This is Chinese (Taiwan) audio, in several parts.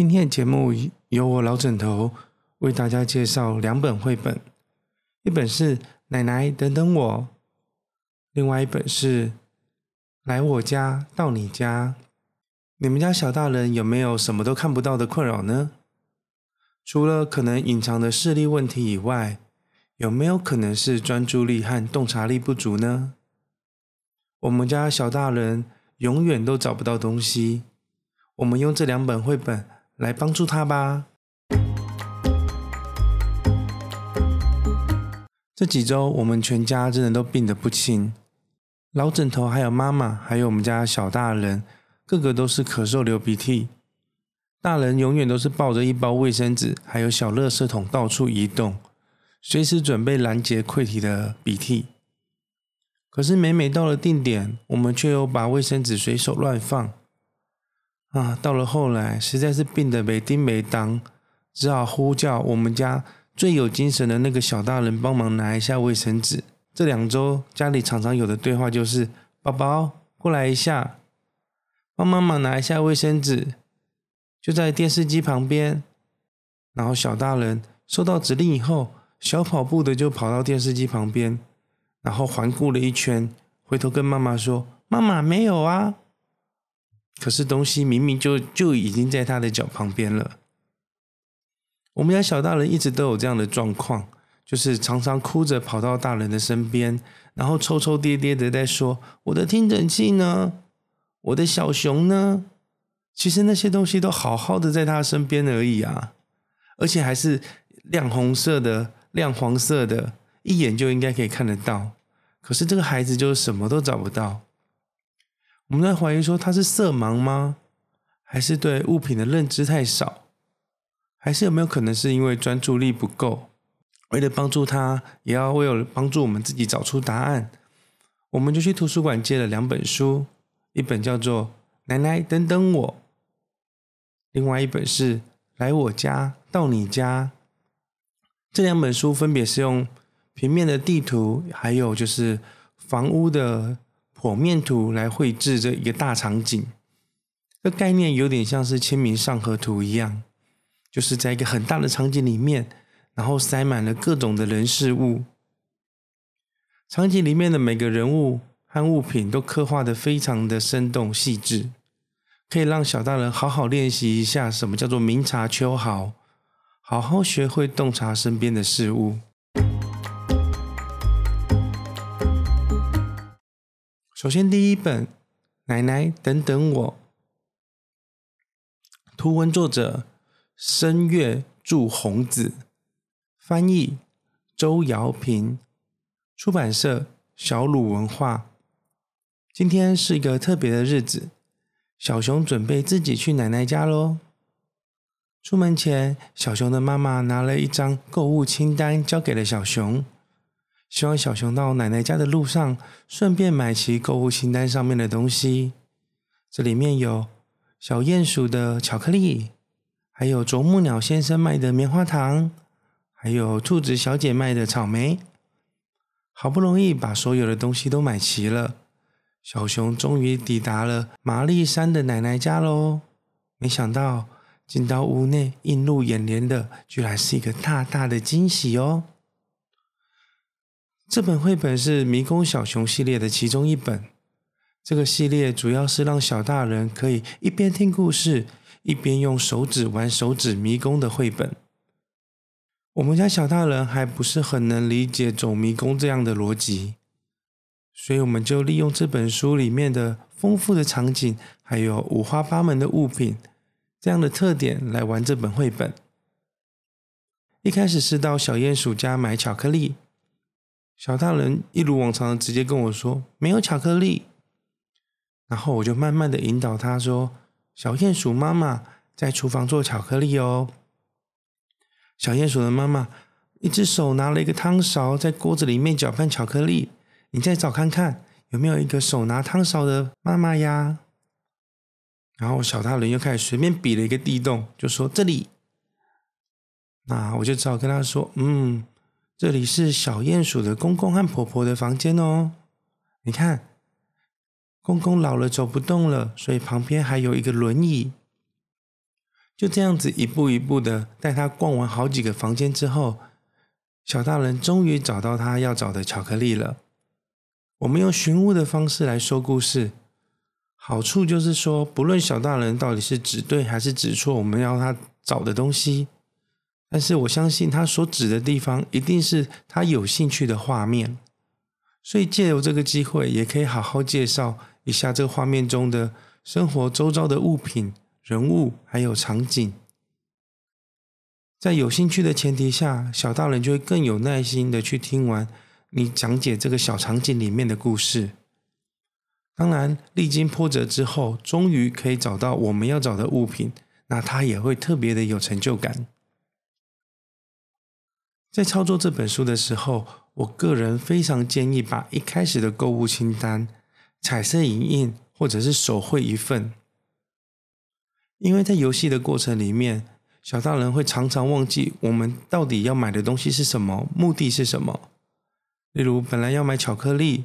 今天的節目由我老枕頭為大家介紹兩本繪本，一本是《奶奶等等我》，另外一本是《來我家，到你家》。你們家小大人有沒有什麼都看不到的困擾呢？除了可能隱藏的視力問題以外，有沒有可能是專注力和洞察力不足呢？我們家小大人永遠都找不到東西。我們用這兩本繪本。來幫助他吧！這幾周我們全家真的都病得不輕，老枕頭還有媽媽，還有我們家小大人，個個都是咳嗽流鼻涕。大人永遠都是抱着一包衛生紙，還有小垃圾桶到處移動，隨時準備攔截潰堤的鼻涕。可是每每到了定點，我們卻又把衛生紙隨手亂放。啊，到了後來，實在是病得沒丁沒噹，只好呼叫我們家最有精神的那個小大人幫忙拿一下衛生紙。這兩週家裡常常有的對話就是：“寶寶，過來一下，幫媽媽拿一下衛生紙。”就在電視機旁邊。然後小大人收到指令以後，小跑步的就跑到電視機旁邊，然後環顧了一圈，回頭跟媽媽說：“媽媽，沒有啊。”可是東西明明就就已經在他的腳旁邊了。我們家小大人一直都有這樣的狀況，就是常常哭着跑到大人的身邊，然後抽抽噎噎的在說：“我的聽診器呢？我的小熊呢？”其實那些東西都好好的在他的身邊而已啊，而且還是亮紅色的、亮黃色的，一眼就應該可以看得到。可是這個孩子就什麼都找不到。我們在懷疑說他是色盲嗎？還是對物品的認知太少？還是有沒有可能是因為專注力不夠？為了幫助他，也要為了幫助我們自己找出答案，我們就去圖書館借了兩本書，一本叫做《奶奶，等等我》，另外一本是《來我家，到你家》。這兩本書分別是用平面的地圖，還有就是房屋的。火面圖來繪製這一個大場景，這概念有點像是《清明上河圖》一樣，就是在一個很大的場景裡面，然後塞滿了各種的人事物。場景裡面的每個人物和物品都刻畫得非常的生動細緻，可以讓小大人好好練習一下什麼叫做明察秋毫，好好學會洞察身邊的事物。首先，第一本《奶奶等等我》，圖文作者：深月祝紅子，翻譯：周瑤萍，出版社：小魯文化。今天是一個特別的日子，小熊準備自己去奶奶家嘍。出門前，小熊的媽媽拿了一張購物清單交給了小熊。希望小熊到奶奶家的路上，順便買齊購物清單上面的東西。這裡面有小鼴鼠的巧克力，還有啄木鳥先生賣的棉花糖，還有兔子小姐賣的草莓。好不容易把所有的東西都買齊了，小熊終於抵達了瑪麗山的奶奶家嘍。沒想到，進到屋內，映入眼簾的居然是一個大大的驚喜哦！這本繪本是《迷宮小熊》系列的其中一本。這個系列主要是讓小大人可以一邊聽故事，一邊用手指玩手指迷宮的繪本。我們家小大人還不是很能理解走迷宮這樣的邏輯，所以我們就利用這本書裡面的豐富的場景，還有五花八門的物品，這樣的特點來玩這本繪本。一開始是到小鼴鼠家買巧克力。小大人一如往常的直接跟我說沒有巧克力，然後我就慢慢的引導他說：“小鼹鼠媽媽在廚房做巧克力哦。小燕媽媽”小鼹鼠的媽媽一隻手拿了一個湯勺在鍋子裡面攪拌巧克力，你再找看看有沒有一個手拿湯勺的媽媽呀？然後小大人又開始隨便比了一個地洞，就說這裡。那我就只好跟他說：“嗯。”這裡是小鼴鼠的公公和婆婆的房間哦，你看，公公老了走不動了，所以旁邊還有一個輪椅。就這樣子一步一步的帶他逛完好幾個房間之後，小大人終於找到他要找的巧克力了。我們用尋物的方式來說故事，好處就是說，不論小大人到底是指對還是指錯，我們要他找的東西。但是我相信他所指的地方，一定是他有興趣的畫面，所以借由這個機會，也可以好好介紹一下這畫面中的生活周遭的物品、人物還有場景。在有興趣的前提下，小大人就會更有耐心的去聽完你講解這個小場景裡面的故事。當然，歷經波折之後，終於可以找到我們要找的物品，那他也會特別的有成就感。在操作這本書的時候，我個人非常建議把一開始的購物清單彩色影印或者是手繪一份，因為在遊戲的過程裡面，小大人會常常忘記我們到底要買的東西是什麼，目的是什麼。例如，本來要買巧克力，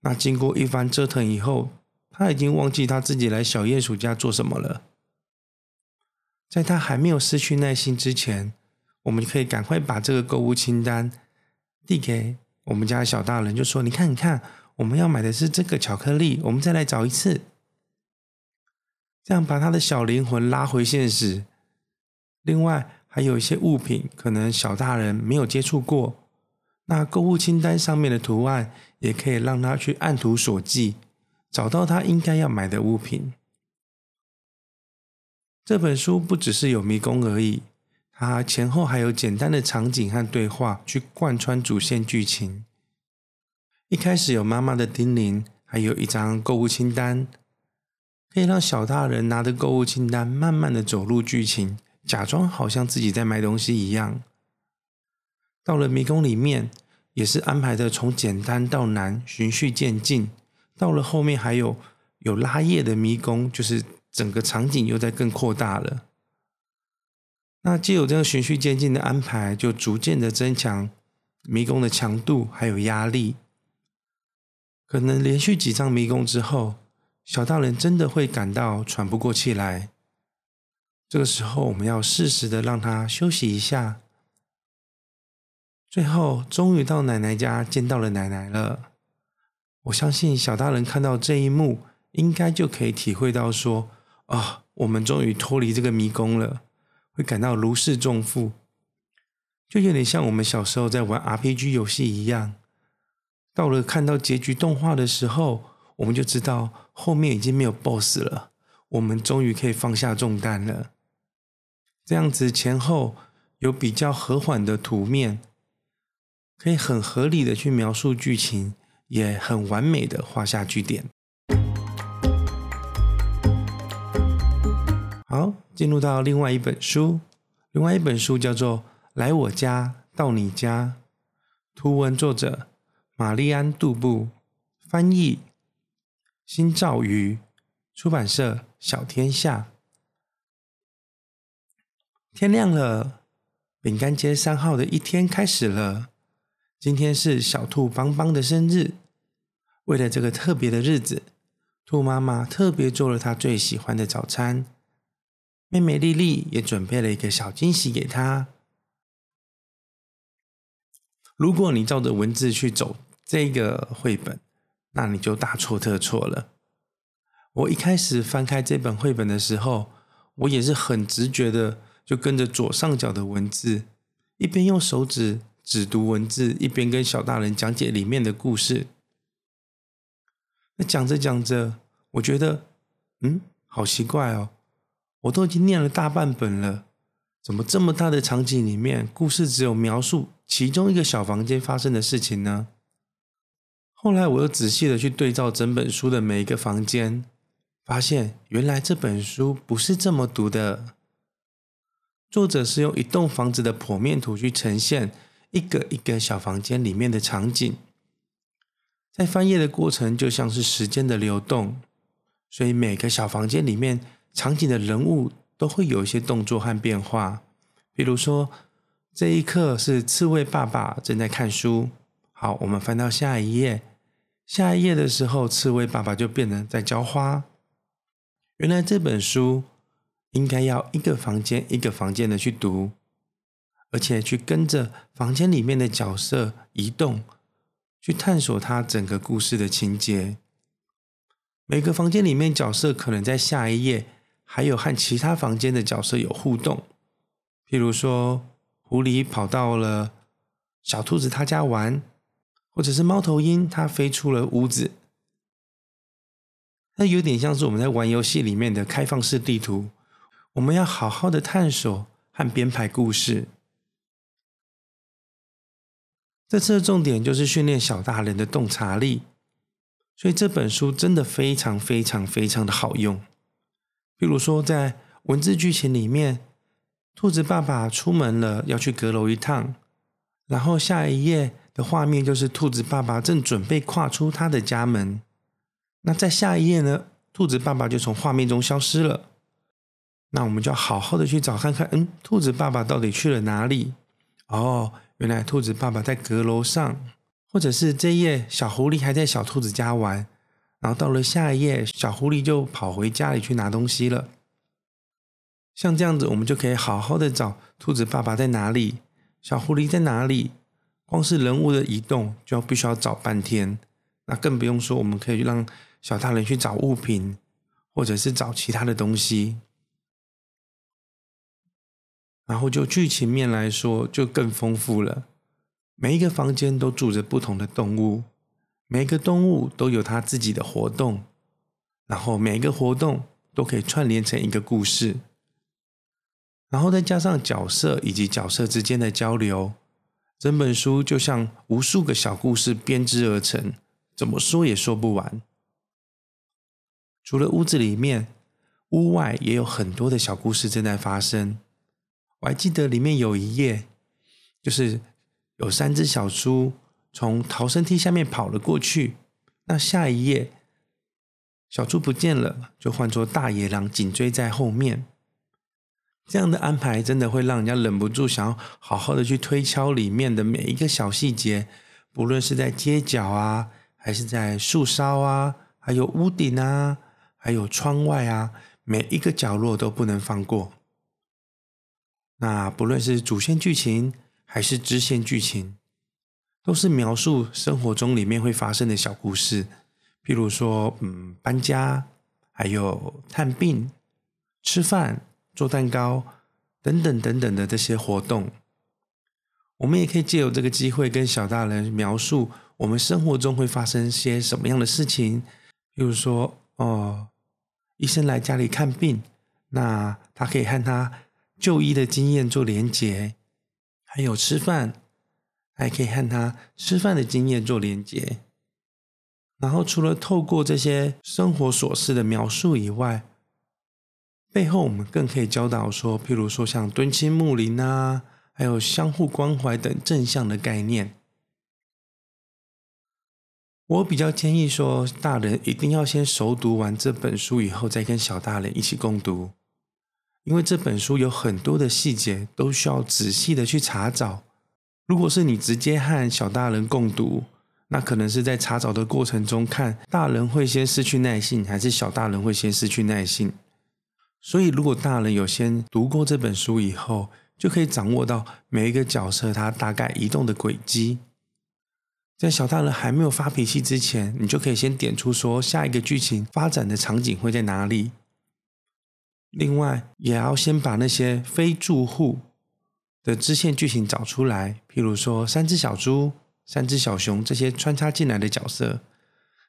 那經過一番折騰以後，他已經忘記他自己來小鼴鼠家做什麼了。在他還沒有失去耐心之前。我們可以趕快把這個購物清單遞給我們家的小大人，就說：“你看，你看，我們要買的是這個巧克力，我們再來找一次。”這樣把他的小靈魂拉回現實。另外，還有一些物品可能小大人沒有接觸過，那購物清單上面的圖案也可以讓他去按圖索驥，找到他應該要買的物品。這本書不只是有迷宮而已。啊，前後還有簡單的場景和對話去貫穿主線劇情。一開始有媽媽的叮嚀，還有一張購物清單，可以讓小大人拿着購物清單慢慢的走入劇情，假裝好像自己在買東西一樣。到了迷宮裡面，也是安排的從簡單到難，循序漸進。到了後面還有有拉頁的迷宮，就是整個場景又在更擴大了。那既有這樣循序漸進的安排，就逐漸的增強迷宮的強度還有壓力。可能連續幾張迷宮之後，小大人真的會感到喘不過氣來。這個時候，我們要適時的讓他休息一下。最後，終於到奶奶家見到了奶奶了。我相信小大人看到這一幕，應該就可以體會到說：“啊，我們終於脫離這個迷宮了。”會感到如釋重負，就有點像我們小時候在玩 RPG 遊戲一樣。到了看到結局動畫的時候，我們就知道後面已經沒有 BOSS 了，我們終於可以放下重擔了。這樣子前後有比較和緩的圖面，可以很合理的去描述劇情，也很完美的畫下句點。好。進入到另外一本書，另外一本書叫做《來我家，到你家》，圖文作者瑪麗安·杜布，翻譯新兆瑜，出版社小天下。天亮了，餅乾街三號的一天開始了。今天是小兔邦邦的生日，為了這個特別的日子，兔媽媽特別做了她最喜歡的早餐。妹妹莉莉也準備了一個小驚喜給她。如果你照着文字去走這個繪本，那你就大錯特錯了。我一開始翻開這本繪本的時候，我也是很直覺的就跟着左上角的文字，一邊用手指指讀文字，一邊跟小大人講解裡面的故事。那講着講着，我覺得，嗯，好奇怪哦。我都已經唸了大半本了，怎麼這麼大的場景裡面，故事只有描述其中一個小房間發生的事情呢？後來我又仔細地去對照整本書的每一個房間，發現原來這本書不是這麼讀的。作者是用一棟房子的剖面圖去呈現一個一個小房間裡面的場景，在翻頁的過程就像是時間的流動，所以每個小房間裡面。場景的人物都會有一些動作和變化，比如說，這一刻是刺蝟爸爸正在看書。好，我們翻到下一頁，下一頁的時候，刺蝟爸爸就變成在澆花。原來這本書應該要一個房間一個房間的去讀，而且去跟着房間裡面的角色移動，去探索他整個故事的情節。每個房間裡面角色可能在下一頁。還有和其他房間的角色有互動，譬如說狐狸跑到了小兔子他家玩，或者是貓頭鷹它飛出了屋子。那有點像是我們在玩遊戲裡面的開放式地圖，我們要好好的探索和編排故事。這次的重點就是訓練小大人的洞察力，所以這本書真的非常非常非常的好用。比如說，在文字劇情裡面，兔子爸爸出門了，要去閣樓一趟。然後下一頁的畫面就是兔子爸爸正準備跨出他的家門。那在下一頁呢，兔子爸爸就從畫面中消失了。那我們就要好好的去找看看，嗯，兔子爸爸到底去了哪裡？哦，原來兔子爸爸在閣樓上，或者是這一頁，小狐狸還在小兔子家玩。然後到了下一頁，小狐狸就跑回家裡去拿東西了。像這樣子，我們就可以好好的找兔子爸爸在哪裡，小狐狸在哪裡。光是人物的移動，就要必須要找半天，那更不用說我們可以讓小大人去找物品，或者是找其他的東西。然後就劇情面來說，就更豐富了。每一個房間都住着不同的動物。每個動物都有它自己的活動，然後每一個活動都可以串聯成一個故事，然後再加上角色，以及角色之間的交流，整本書就像無數個小故事編織而成，怎麼說也說不完。除了屋子裡面，屋外也有很多的小故事正在發生。我還記得裡面有一頁，就是有三隻小豬。從逃生梯下面跑了過去。那下一頁，小豬不見了，就換作大野狼緊追在後面。這樣的安排真的會讓人家忍不住想要好好的去推敲裡面的每一個小細節，不論是在街角啊，還是在樹梢啊，還有屋頂啊，還有窗外啊，每一個角落都不能放過。那不論是主線劇情還是支線劇情。都是描述生活中裡面會發生的小故事，譬如說，嗯，搬家，還有探病、吃飯、做蛋糕等等等等的這些活動。我們也可以借由這個機會，跟小大人描述我們生活中會發生些什麼樣的事情，譬如說，哦、呃，醫生來家裡看病，那他可以和他就醫的經驗做連接，還有吃飯。還可以和他吃飯的經驗做連接，然後除了透過這些生活瑣事的描述以外，背後我們更可以教導說，譬如說像敦親睦鄰啊，還有相互關懷等正向的概念。我比較建議說，大人一定要先熟讀完這本書以後，再跟小大人一起共讀，因為這本書有很多的細節都需要仔細的去查找。如果是你直接和小大人共讀，那可能是在查找的過程中看，大人會先失去耐性，還是小大人會先失去耐性。所以，如果大人有先讀過這本書以後，就可以掌握到每一個角色他大概移動的軌跡。在小大人還沒有發脾氣之前，你就可以先點出說下一個劇情發展的場景會在哪裡。另外，也要先把那些非住戶。的支線劇情找出來，譬如說三隻小豬、三隻小熊這些穿插進來的角色，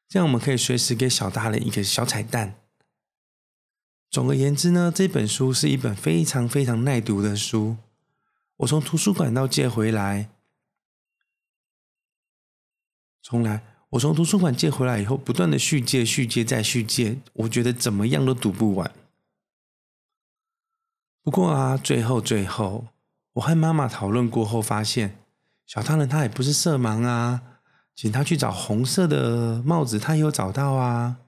這樣我們可以隨時給小大人一個小彩蛋。總而言之呢，這本書是一本非常非常耐讀的書。我從圖書館到借回來，從來，我從圖書館借回來以後，不斷的續借、續借再續借，我覺得怎麼樣都讀不完。不過啊，最後最後。我和媽媽討論過後，發現小大人他也不是色盲啊，請他去找紅色的帽子，他也有找到啊。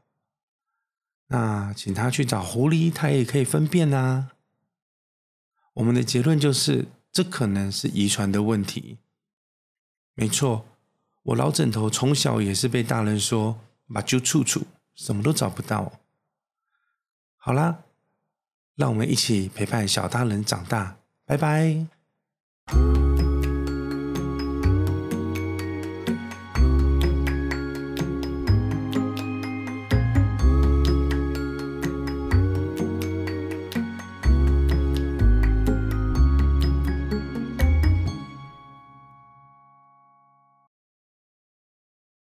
那請他去找狐狸，他也可以分辨啊。我們的結論就是，這可能是遺傳的問題。沒錯，我老枕頭從小也是被大人說，馬就處處，什麼都找不到。好啦，讓我們一起陪伴小大人長大。拜拜。